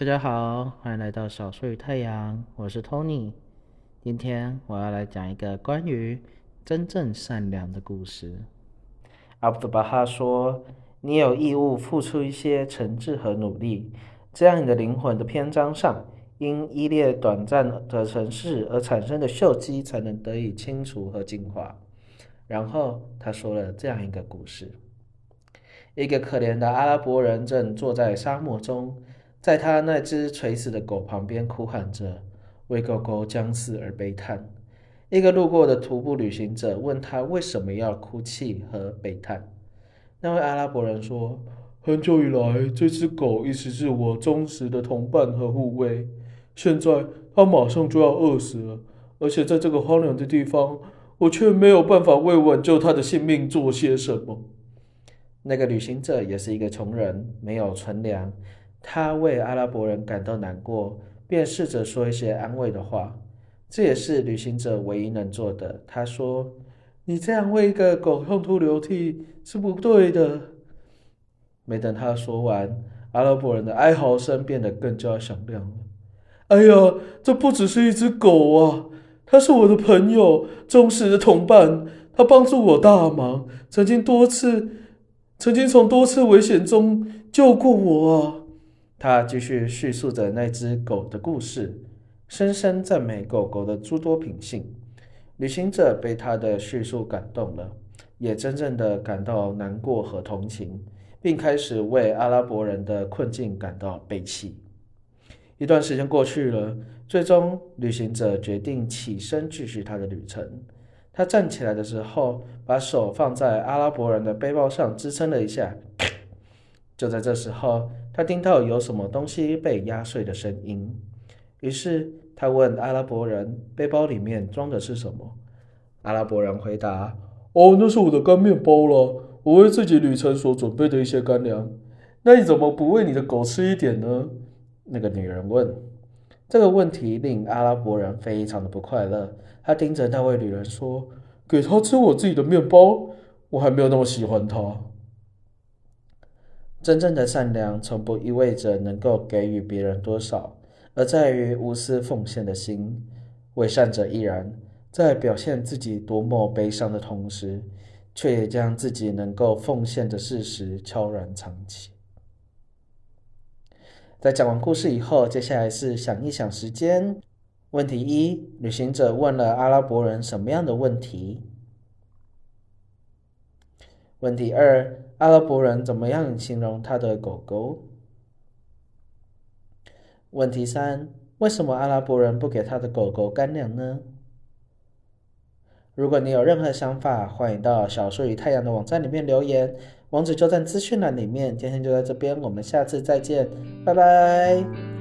大家好，歡迎來到《小樹與太陽》，我是托尼。今天我要來講一個關於真正善良的故事。阿博都巴哈說：“你有義務付出一些誠摯和努力，這樣你的靈魂的篇章上因依戀短暫的城市而產生的鏽跡才能得以清除和淨化。”然後他說了這樣一個故事：一個可憐的阿拉伯人正坐在沙漠中。在他那只垂死的狗旁邊哭喊着，為狗狗將死而悲嘆。一個路過的徒步旅行者問他為什麼要哭泣和悲嘆。那位阿拉伯人說：“很久以來，這只狗一直是我忠實的同伴和護衛。現在它馬上就要餓死了，而且在這個荒涼的地方，我卻沒有辦法為挽救它的性命做些什麼。”那個旅行者也是一個窮人，沒有存糧。他為阿拉伯人感到難過，便試着說一些安慰的話。這也是旅行者唯一能做的。他說：“你這樣為一個狗痛哭流涕是不對的。”沒等他說完，阿拉伯人的哀嚎聲變得更加響亮了。哎呀，這不只是一只狗啊！他是我的朋友，忠實的同伴。他幫助我大忙，曾經多次，曾經從多次危險中救過我啊！他繼續敘述着那隻狗的故事，深深讚美狗狗的諸多品性。旅行者被他的敘述感動了，也真正的感到難過和同情，並開始為阿拉伯人的困境感到悲戚。一段時間過去了，最終旅行者決定起身繼續他的旅程。他站起來的時候，把手放在阿拉伯人的背包上支撐了一下。就在這時候，他聽到有什麼東西被壓碎的聲音。於是他問阿拉伯人：“背包裡面裝的是什麼？”阿拉伯人回答：“哦，那是我的乾麵包了，我為自己旅程所準備的一些乾糧。”“那你怎麼不餵你的狗吃一點呢？”那個女人問。這個問題令阿拉伯人非常的不快樂。他盯着那位女人說：“給它吃我自己的麵包，我還沒有那麼喜歡它。”真正的善良從不意味着能夠給予別人多少，而在於無私奉獻的心。偽善者亦然，在表現自己多麼悲傷的同時，卻也將自己能夠奉獻的事實悄然藏起。在講完故事以後，接下來是想一想時間。問題一：旅行者問了阿拉伯人什麼樣的問題？問題二：阿拉伯人怎麼樣形容他的狗狗？問題三：為什麼阿拉伯人不給他的狗狗乾糧呢？如果你有任何想法，歡迎到《小樹與太陽》的網站裡面留言，網址就在資訊欄裡面。今天就到這邊，我們下次再見，拜拜。